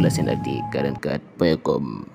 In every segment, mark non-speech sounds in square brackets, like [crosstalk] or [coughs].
jelasin lagi kalian ke Pekom.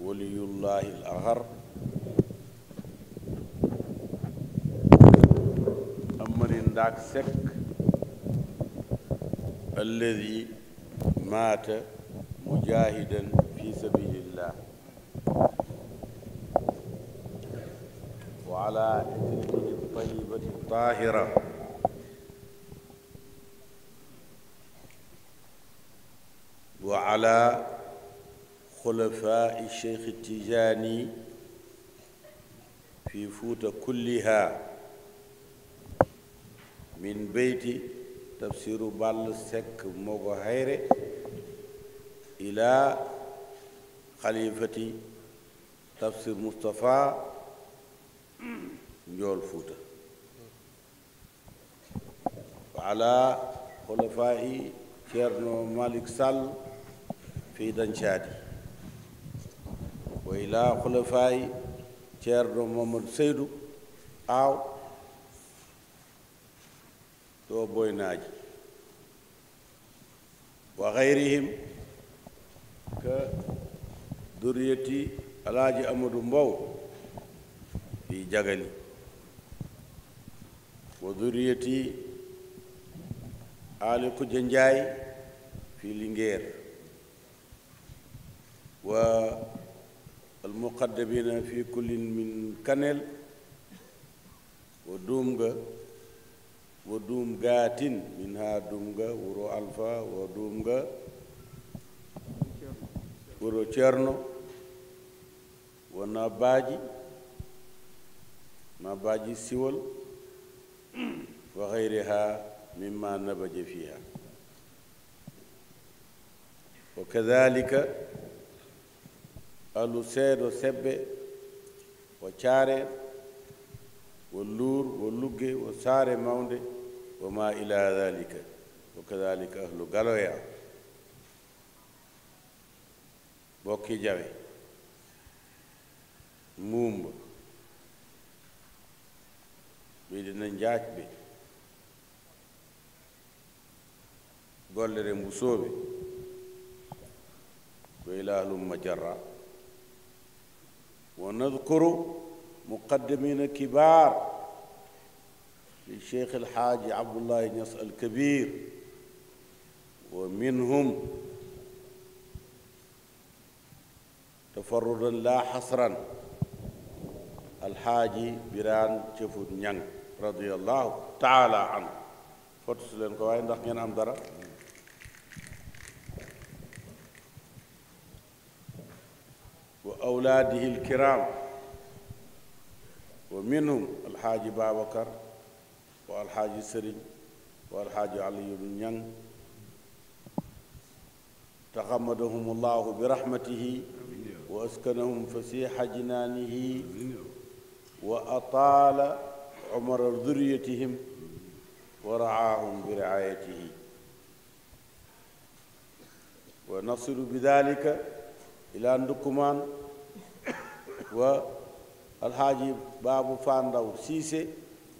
ولي الله الأغر أمر داك سك الذي مات مجاهدا في سبيل الله وعلى كلمته الطيبة الطاهرة وعلى خلفاء الشيخ التجاني في فوت كلها من بيت تفسير بال سك موغو هيري إلى خليفة تفسير مصطفى نجول فوتا وعلى خلفاء شيرنو مالك سال في دنشادي wa ilaa xulafaayi ceerno mamadou seydou aaw to boynaaji wa xayrihim ka duriyati alaaji amadou mbow fi jagali wa duriyati ali kuja njaay fi lingeer wa المقدمين في كل من كنل ودومغا ودومغات منها دومغا ورو ألفا ودومغا ورو تشيرنو ونباجي نباجي سيول وغيرها مما نبج فيها وكذلك halu seedo sebbe wo caare wo luur wo lugge wo saare mawnde wo ma ila dalika wa kadalika ahlu galoya bokki jawe muumba ɓeyde na jaajɓe gollere mbusooɓe ko ilahlu majarra ونذكر مقدمين كبار للشيخ الحاج عبد الله نص الكبير ومنهم تفردا لا حصرا الحاج بيران شفود نيان رضي الله تعالى عنه فرتسلن كواين داخ نين ام وأولاده الكرام ومنهم الحاج بابكر والحاج سرين والحاج علي بن ين نعم. تغمدهم الله برحمته وأسكنهم فسيح جنانه وأطال عمر ذريتهم ورعاهم برعايته ونصل بذلك إلى ندكمان والحاج باب فاندو سيسي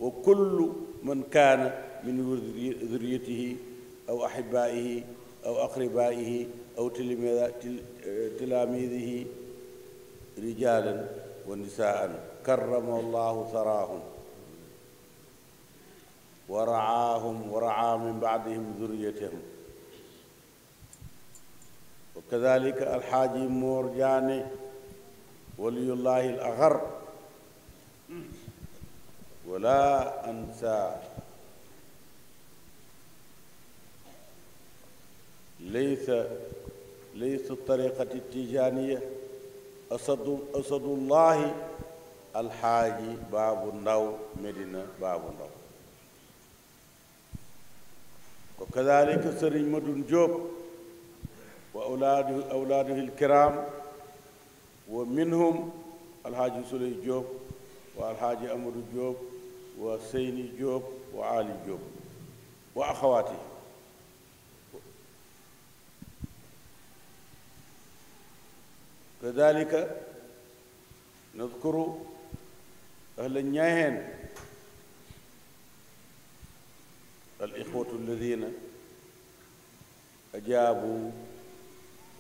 وكل من كان من ذريته أو أحبائه أو أقربائه أو تلاميذه رجالا ونساء كرم الله ثراهم ورعاهم ورعى من بعدهم ذريتهم وكذلك الحاج مورجاني ولي الله الأغر ولا أنسى ليس ليس الطريقة التجانية أسد أسد الله الحاج باب النو مدينة باب النو وكذلك سري مدن جوب وأولاده أولاده الكرام ومنهم الحاج سلي جوب والحاج أمر جوب وسيني جوب وعالي جوب وأخواتي كذلك نذكر أهل النياهن الإخوة الذين أجابوا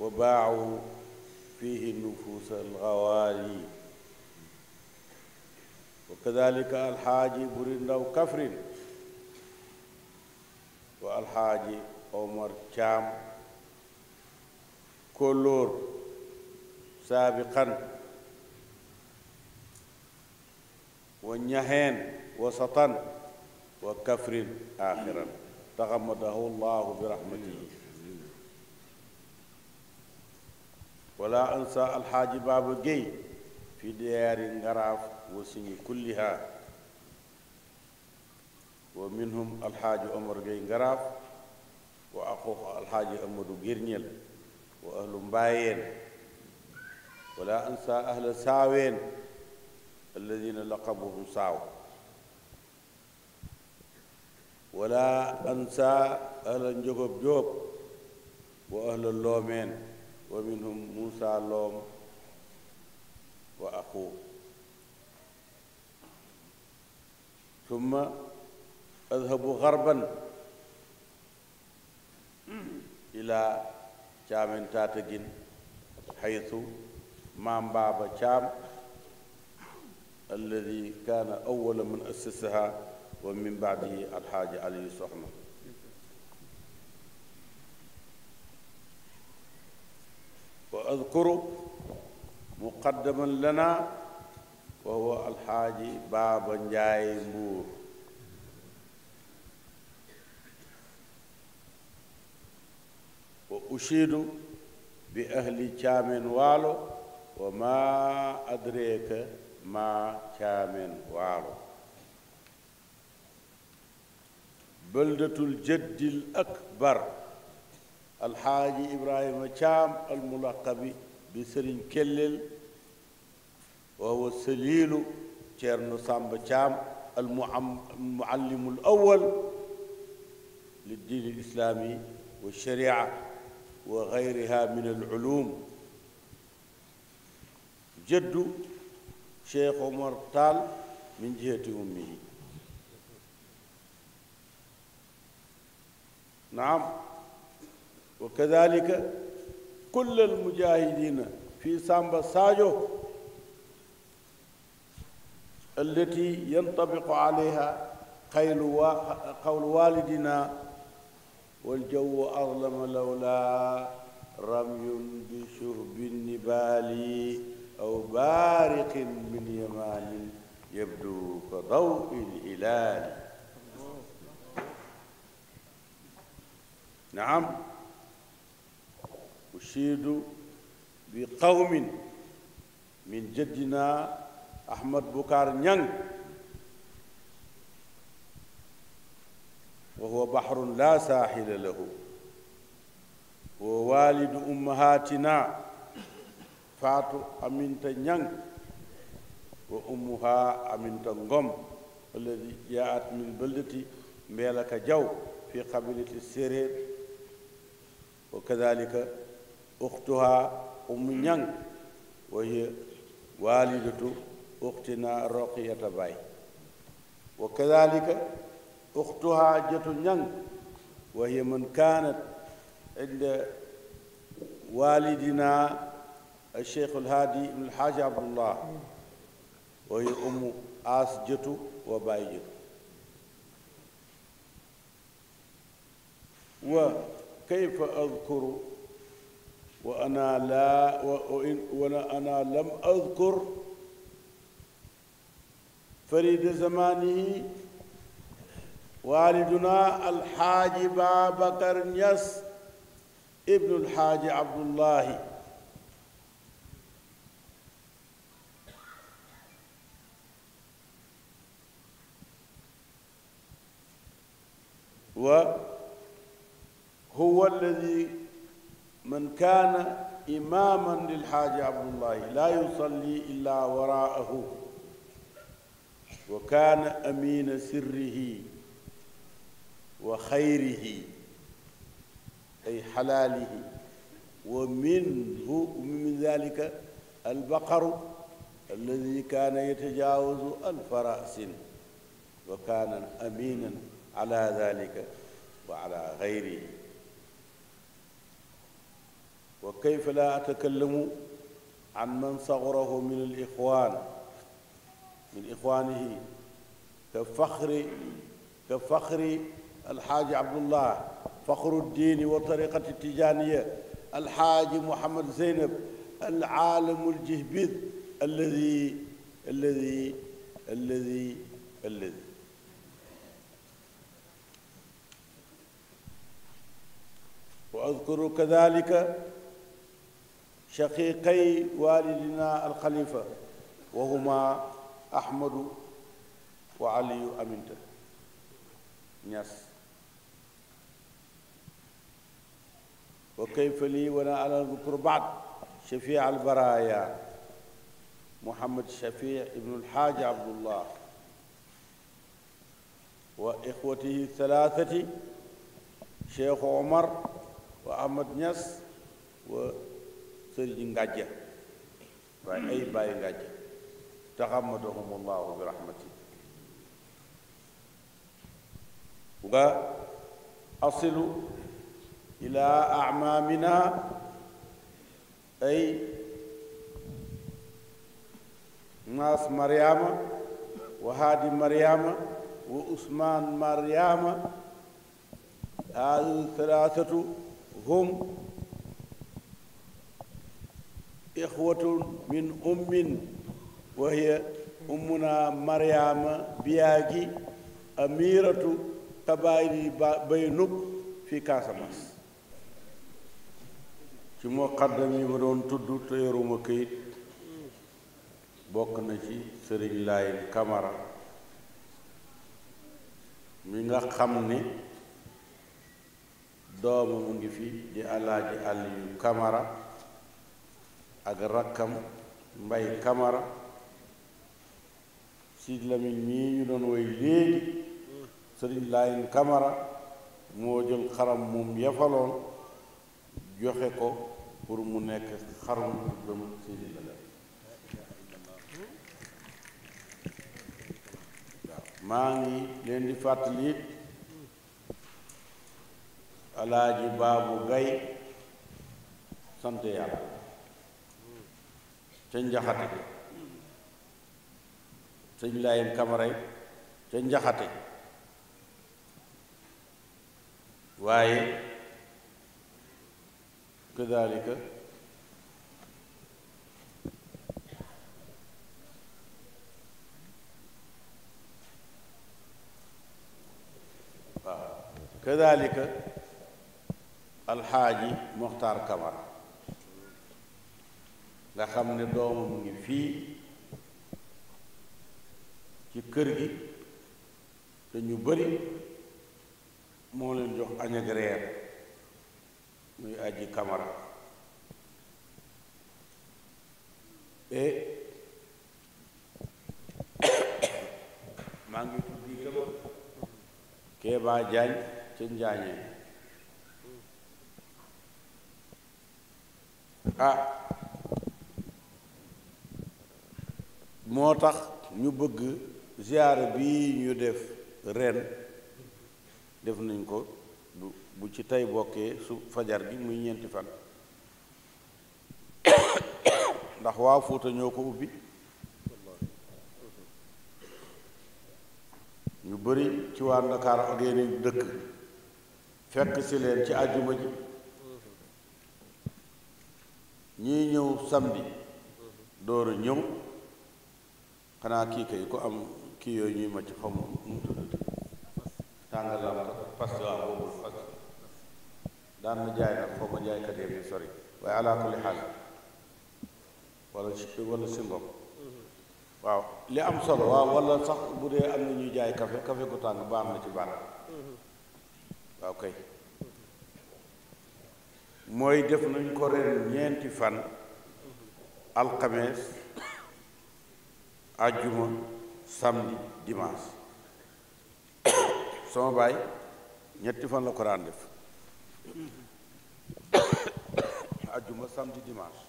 وباعوا فيه النفوس الغوالي وكذلك الحاج برند كفر والحاج عمر شام كلور سابقا والنهين وسطا وكفر آخرا تغمده الله برحمته ولا أنسى الحاج بابا جي في ديار غراف وسني كلها ومنهم الحاج عمر جي غراف وأخوه الحاج أمدو جيرنيل وأهل مباين ولا أنسى أهل ساوين الذين لقبهم ساو ولا أنسى أهل جوب جوب وأهل اللومين ومنهم موسى لوم وأخوه ثم أذهبوا غربا إلى شام تاتجن حيث مام بابا شام الذي كان أول من أسسها ومن بعده الحاج علي صحنه وأذكر مقدما لنا وهو الحاج بابا جاي مبور وأشيد بأهل كامن والو وما أدريك ما كامن والو بلدة الجد الأكبر الحاج إبراهيم شام الملقب بسرين كلل وهو سليل تشيرنو سامب شام المعلم الأول للدين الإسلامي والشريعة وغيرها من العلوم جد شيخ عمر طال من جهة أمه نعم وكذلك كل المجاهدين في سامبا ساجو التي ينطبق عليها قول والدنا والجو أظلم لولا رمي بشهب النبال أو بارق من يمال يبدو كضوء الهلال نعم أشيد بقوم من جدنا أحمد بكار نيان وهو بحر لا ساحل له ووالد أمهاتنا فاتو أمينة نيان وأمها أمينة غم الذي جاءت من بلدتي ميلك جو في قبيلة السيرير وكذلك أختها أم نيان نعم، وهي والدة أختنا رقية باي وكذلك أختها جت نيان نعم، وهي من كانت عند والدنا الشيخ الهادي بن الحاج عبد الله وهي أم آس جتو وباي جتو وكيف أذكر وأنا لا وأنا لم أذكر فريد زمانه والدنا الحاج بابكر نيس ابن الحاج عبد الله وهو الذي من كان إماما للحاج عبد الله لا يصلي إلا وراءه وكان أمين سره وخيره أي حلاله ومنه من ذلك البقر الذي كان يتجاوز ألف رأس وكان أمينا على ذلك وعلى غيره وكيف لا أتكلم عن من صغره من الإخوان من إخوانه كفخر كفخر الحاج عبد الله فخر الدين وطريقة التجانية الحاج محمد زينب العالم الجهبذ الذي الذي الذي الذي وأذكر كذلك شقيقي والدنا الخليفة وهما أحمد وعلي أمينته نياس وكيف لي وانا على ذكر بعض شفيع البرايا محمد شفيع ابن الحاج عبد الله وإخوته الثلاثة شيخ عمر وأحمد نس و خرج نجاجة وأي باي نجاجة تغمدهم الله برحمته وأصل إلى أعمامنا أي ناس مريم وهادي مريم وعثمان مريم هذه الثلاثة هم ixwatun min ummin wa hiya ummuna maryaama biyaagi amiratu tabaari baynuk fi Casamance ci muqaddam yi ma doon tudd te yoruma këyit bokk na ci sëriñ Laayim Kamara mi nga xam ni doomam mu ngi fi di alaaji Aliyu Kamara ak rakkam mbay kamara Sidy Lamine mii ñu doon woy léegi sëriñ Laayeen kamara moo jël xaram moom yafaloon joxe ko pour mu nekk xarum dëm Sidy Lamine maa ngi leen di fàttali it alaaji baabu gay sant yàlla ca njaxate sëñ laayam kamaray ca njaxate waaye kadalika waaw kadalika alxaaji moxtaar nga xam ne doomam ngi fii ci kër gi dañu bari moo leen jox añ ak reer muy aji kamara e [coughs] maa ngi tuddi kama Kéba Jaañ ca njaañeen ah moo tax ñu bëgg ziyaara bii ñu def ren def nañ ko bu ci tey bokkee su fajar gi muy ñeenti fan ndax waa Fuuta ñoo ko ubbi ñu bari ci waa Ndakaar ak yeneen dëkk fekk si leen ci àjjuma ji ñii ñëw samedi door ñëw xanaa kii kay ku am kii yooyu ñuy ma ci xaw ma nu mu tuddati tàngalam parce que waaw boobu parce que daan na jaay nag xaw ma jaaykat yi ñu sori waaye ala kulli xaal wala wala singom waaw li am solo waaw wala sax bu dee am na ñuy jaay café café gu tàng baax na ci baax waaw kay mooy def nañ ko ren ñeenti fan alxames ajjuma samedi dimanche sama baay ñetti fan la ko daan def ajjuma samedi dimanche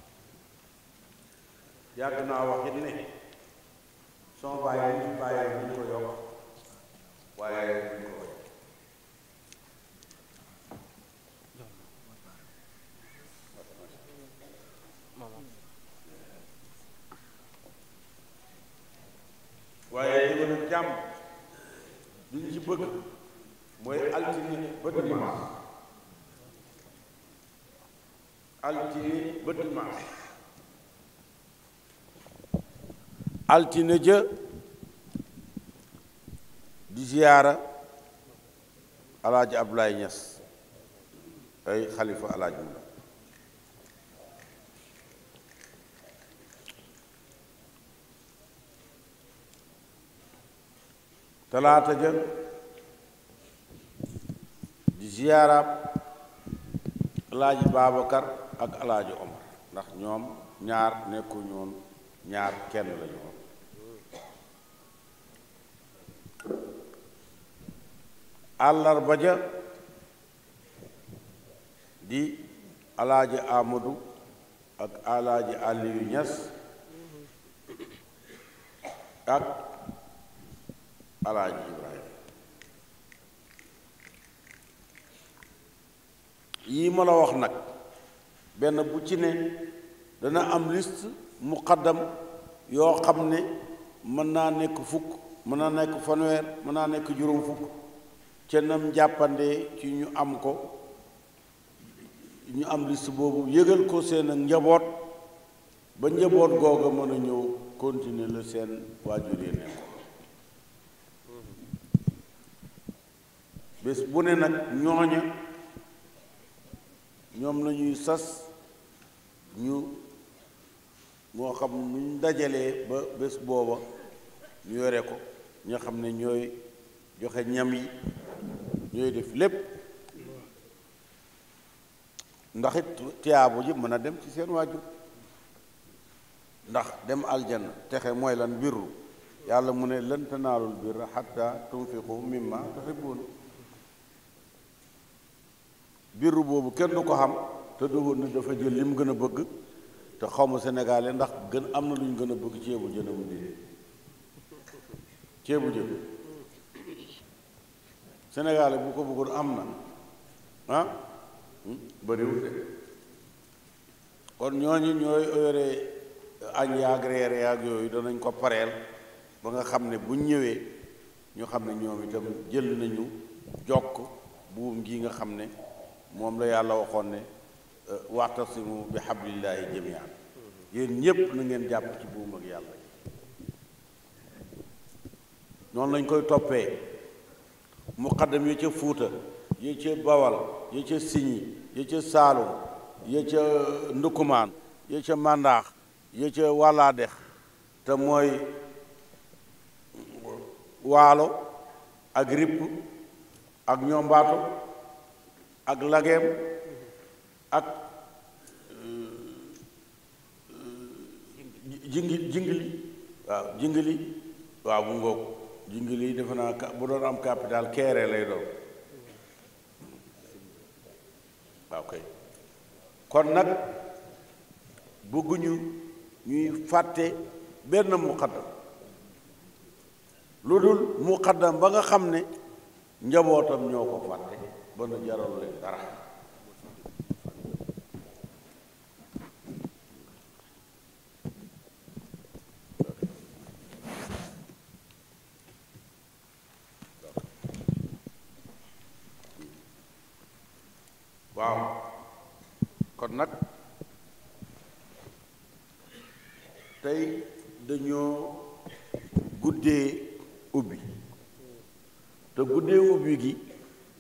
yàgg naa wax ne sama baay yi ñu bàyyi ñu ko yokk waaye ñu ko jàmm li ñu ci bëgg mooy altine ba dimanche altine ba dimanche altine ja di ziyaara alaaji Ablaye Niass ay xalifa alaaji talaata jën di ziyaaraab alaaji Babacar ak alaaji Omar ndax ñoom ñaar nekkuñu woon ñaar kenn lañu woon àllarba ja di alaaji amadu ak alaaji Aliou Niass ak alaaji yii ma la wax nag benn bu ci ne dana am liste muqaddam yoo xam ne mën naa nekk fukk mën naa nekk fanweer mën naa nekk juróom fukk ca nam jàppandee ci ñu am ko ñu am liste boobu yëgal ko seen ak njaboot ba njaboot googa mën a ñëw continuer la seen waajur yi nekkoon bés bu ne nag ñooña ñoom la sas ñu moo xam nuñ dajalee ba bés booba ñu yore ko ñi xam ne ñooy joxe ñam yi ñooy def lépp ndaxit it tiyaabu ji mën a dem ci seen waajur ndax dem aljanna texe mooy lan birru yàlla mu ne lan tanaalul birra xatta tunfiqu mimma tuhibbun birru boobu kenn du ko xam te doxoon na dafa jël li mu gën a bëgg te xaw ma sénégalais ndax gën am na lu ñu gën a bëgg ceebu jën amu déedéet ceebu jën sénégalais bu ko bëggoon am na ah hmm? bëriwul de kon ñooñu ñooy yore añ yaag reer yaag yooyu danañ ko pareel ba nga xam ne buñ ñëwee ñu xam ne ñoom itam jël nañu jokk buum gi nga xam ne moom la yàlla waxoon ne euh, waxtasimu bi xablillahi jamian yéen ñépp na jàpp ci buum ak yàlla noonu lañ koy toppee muqaddam ya ca fuuta ya ca bawal ya ca siñi ya ca saalum ya ca ndukkumaan ya ca màndaax ya ca wàllaadex te mooy waalo ak ripp ak ñombaato ak lageem ak euh, jingi jingili waaw jingili waaw bu ngoog jingili defe naa bu doon am capital keere lay doon waaw kay kon nag bëgguñu ñuy fàtte benn muqaddam lu dul muqaddam ba nga xam ne njabootam ñoo ko fàtte ba nu leen dara waaw kon nag tey dañoo guddee ubbi te guddee ubbi gi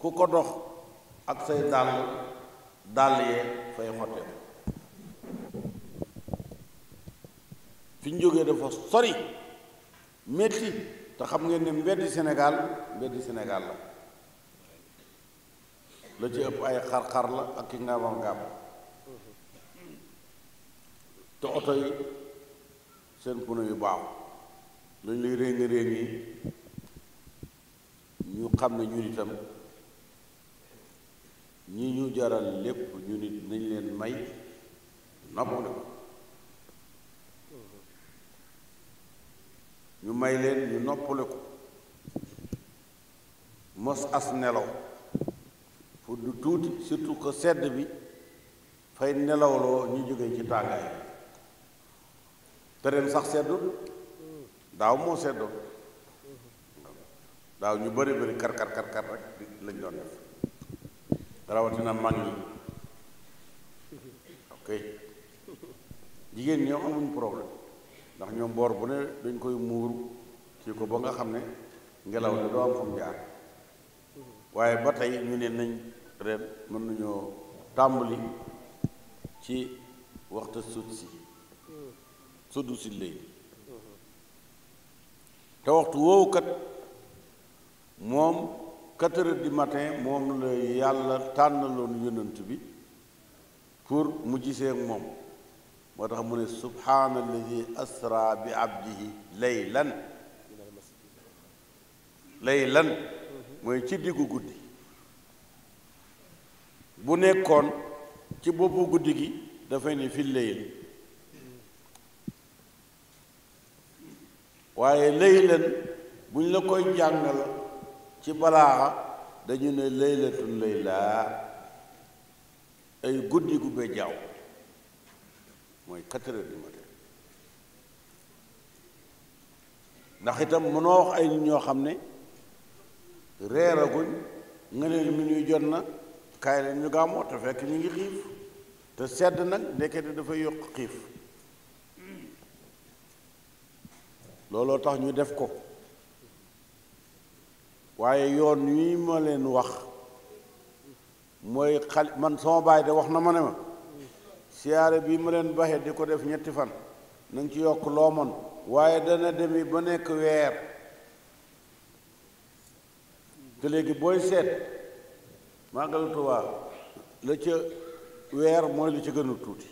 ku ko dox ak say dàll dàll yee fay xotte fi ñu dafa sori métti te xam ngeen ne mbeddi Sénégal mbeddi Sénégal la la ci ëpp ay xar-xar la ak ki nga wax te oto yi seen pneu yu baax lañ lay réngi réngi ñu xam ne ñun itam ñi ñu jaral lépp ñu nit nañ leen may noppalu ñu may leen ñu noppalu ko mos as nelaw fu du tuuti surtout que sedd bi fay nelawloo ñu jóge ci tàngaay te ren sax seddu daaw moo seddoon daaw ñu bari bari kar kar kar kar rek lañ doon def rawatina mag ñi ok jigéen ñoo amuñ problème ndax ñoom boor bu ne dañ koy muur ci ko ba nga xam ne ngelaw li doo am xam jaar waaye ba tey ñu ne nañ ren mën nañoo tàmbali ci waxta sud si suddu te waxtu woowu moom quatre heures du matin moom la yàlla tànnaloon yonant bi pour mu gisee moom moo tax mu ne subhaanalladi asra bi abdihi laylan laylan mooy ci diggu guddi bu nekkoon ci boppu guddi gi dafay ne fi layl waaye laylan bu ñu la koy jàngal ci balaaxa dañu ne laylatul laylaa ay guddi gu jaaw mooy quatre heures du matin ndax itam mënoo wax ay nit ñoo xam ne reeraguñ nga leen mi ñuy jot na kaay leen ñu gàmmoo te fekk ñu ngi xiif te sedd nag ndekete dafa yokk xiif looloo tax ñu def ko waaye yoon wi ma leen wax mooy xali man sama baay de wax na ma ne ma siyaare bi ma leen baxee di ko def ñetti fan na ci yokk loo mën waaye dana demi ba nekk weer te léegi booy seet màggal Tuubaa la ca weer mooy lu ca gën tuuti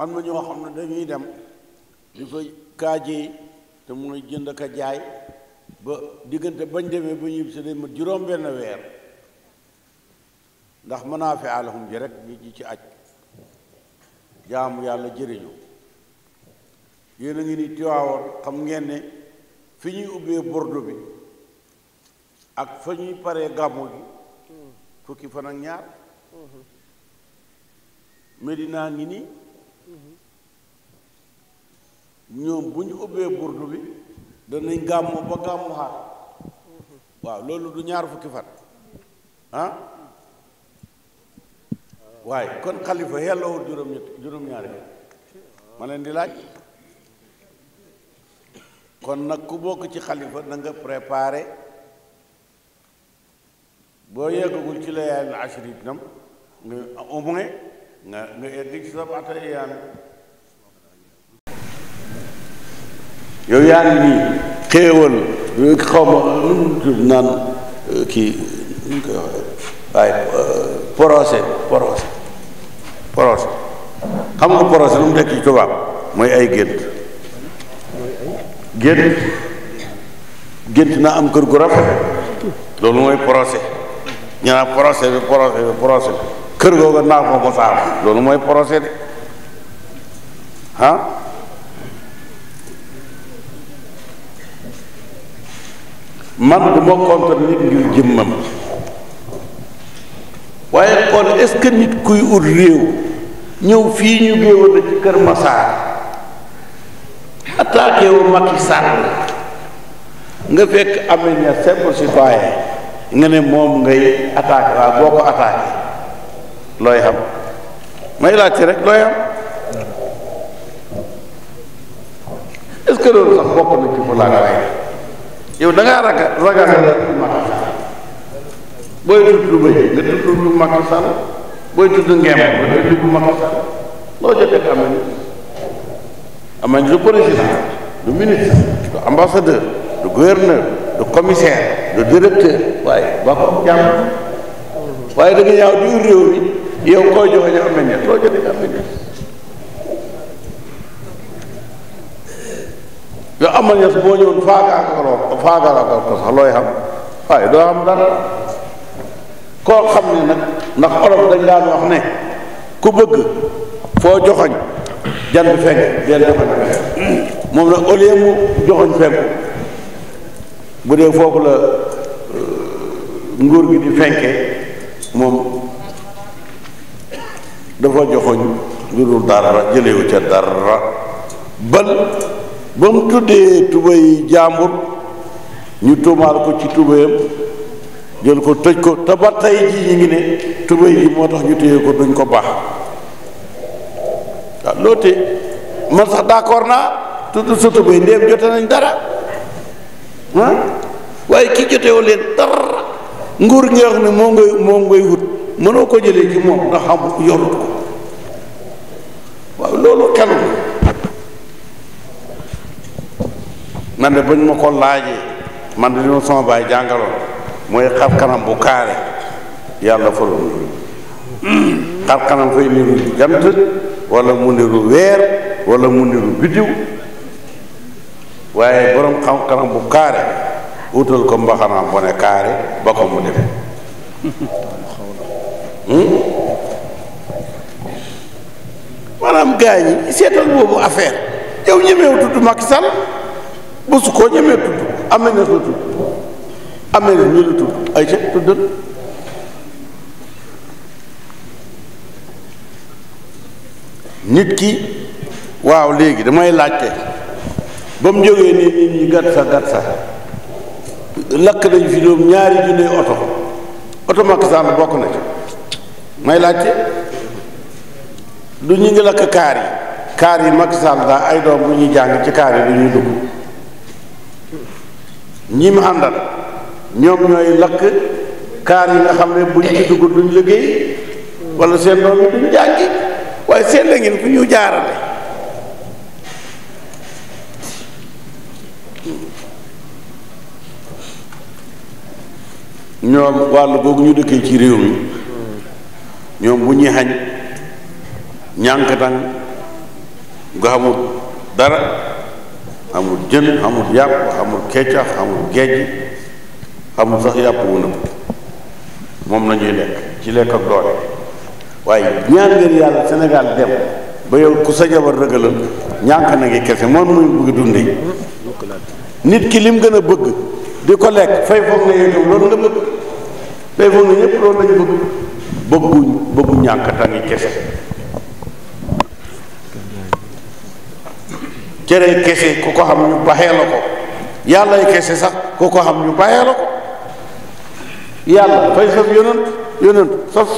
am na ñoo xam ne dañuy dem di fa kaajee te mooy jënd ka jaay ba diggante bañ demee ba ñibb si day ma juróom benn weer ndax manaafi alahum ji rek ji ci aj jaamu yàlla jëriñu yéen a ngi ni tiwaawoon xam ngeen ne fi ñuy ubbee bordo bi ak fa ñuy paree gàmmu gi fukki fan ak ñaar Medina ngi ni mhm. ñoom bu ñu ubbee burdu bi danañ gàmmu ba gàmmu waaw loolu du ñaar fukki fan ah? waaye kon xalifa yelloowul juróom juróom-ñaari ma leen di laaj kon nag ku bokk ci xalifa na nga préparé boo yeggagul ci la yaay na ashrit nam nga au moins nga nga egg ci sa bata yow yaa ngi nii xéewal xaw ma nu naan euh, kii nu koy waxee waaye euh, xam nga porosé lu mu nekk ci tubaab mooy ay gént gént gént naa am kër gu rafet loolu mooy porosé ñu porose porosé bi porosé bi porosé kër googa naa ko mosaam loolu mooy porosé de ah man du ma contre nit ngir jëmmam waaye xool est nit kuy ut réew ñëw fii ñu géewoon na ci Kër Masaar attaqué wu Macky Sall nga fekk amee na simple citoyen nga ne moom ngay attaqué waaw boo ko attaqué looy xam may laajte rek looy xam est loolu sax bokk na ci mu laaj waaye yow da ngaa ragal ragal Macky Sall booy tudd lu bëri nga tudd lu Macky booy tudd ngeem nga tudd lu Macky loo jotee am nañu am président du ministre du ambassadeur du gouverneur du commissaire du directeur waaye ba ko jàmm waaye da ñaaw di réew mi yow koo joxe ñu am nañu loo jotee am yow amal ñes boo ñëwoon faagaakaloo faagaalakal ko sax looy xam waaye doo xam dara koo xam ne nag ndax olof dañ daan wax ne ku bëgg foo joxoñ jant fenk del joxoñ fenk moom nag au lieu joxoñ fenk euh, nguur gi di fenkee moom dafa joxoñ lu dul dara jëlewu ca dara bal ba mu tuddee tubéy jàmbur ñu tuumaal ko ci tubéyam jël ko tëj ko te ba tey ji ñu ngi ne tubéy yi moo tax ñu téye ko duñ ko baax loote loo tee man sax d'accord naa tudd sa tubéy ndéem jote nañ dara ah waaye ki jotewu leen dara nguur nga wax ne moo ngay moo ngay wut mënoo ko jëlee ci moom ndax xam yorut ko man de bañ ma ko laajee man de li ma sama baay jàngaloon mooy xar kanam bu kaare yàlla faloon xar kanam fay niru jant wala mu niru weer wala mu niru biddiw waaye borom xam kanam bu kaare utal ko mbaxanaam bo ne kaare ba ko mu defe hmm? maanaam gaañ yi seetal boobu affaire yow ñemeew tudd Macky Sall bësu koo ñemee tudd am nañ la tudd am nañ la ñu la tudd ay ca tuddal nit ki waaw léegi damay laajte ba mu jógee nii nit ñi gàtt sa gàtt sa lakk nañ fi ñaari junne oto oto Macky Sall bokk na may laajte du ñu ngi lakk kaar yi kaar yi Macky Sall daa ay doom bu ñuy jàng ci kaar yi du ñuy dugg ñi mu àndal ñoom ñooy lakk kaar yi nga xam ne buñ ci dugg duñ liggéey wala seen doom yi duñ jàngi waaye seen la ngeen fu ñu jaarale ñoom wàll boogu ñu dëkkee ci réew mi ñoom bu ñuy xañ ñànk nga xamul dara amul jën amul yàpp amul kecax amul géej amul sax yàpp wu nëbb moom la lekk ci lekk ak waaye ñaan ngeen yàlla Sénégal dem ba yow ku sa jabar rëgalal ñànk na ngi kese moom muy bëgg dundee nit ki lim gën a bëgg di ko lekk fay foog na yow loolu nga bëgg fay foog na ñëpp loolu lañ bëgg bëggu bëggu ñànk ta ngi kese cere kese ku ko xam ñu baxee la yàlla yàllay kese sax ku ko xam ñu baxee la ko yàlla fay saf yonent yonent saf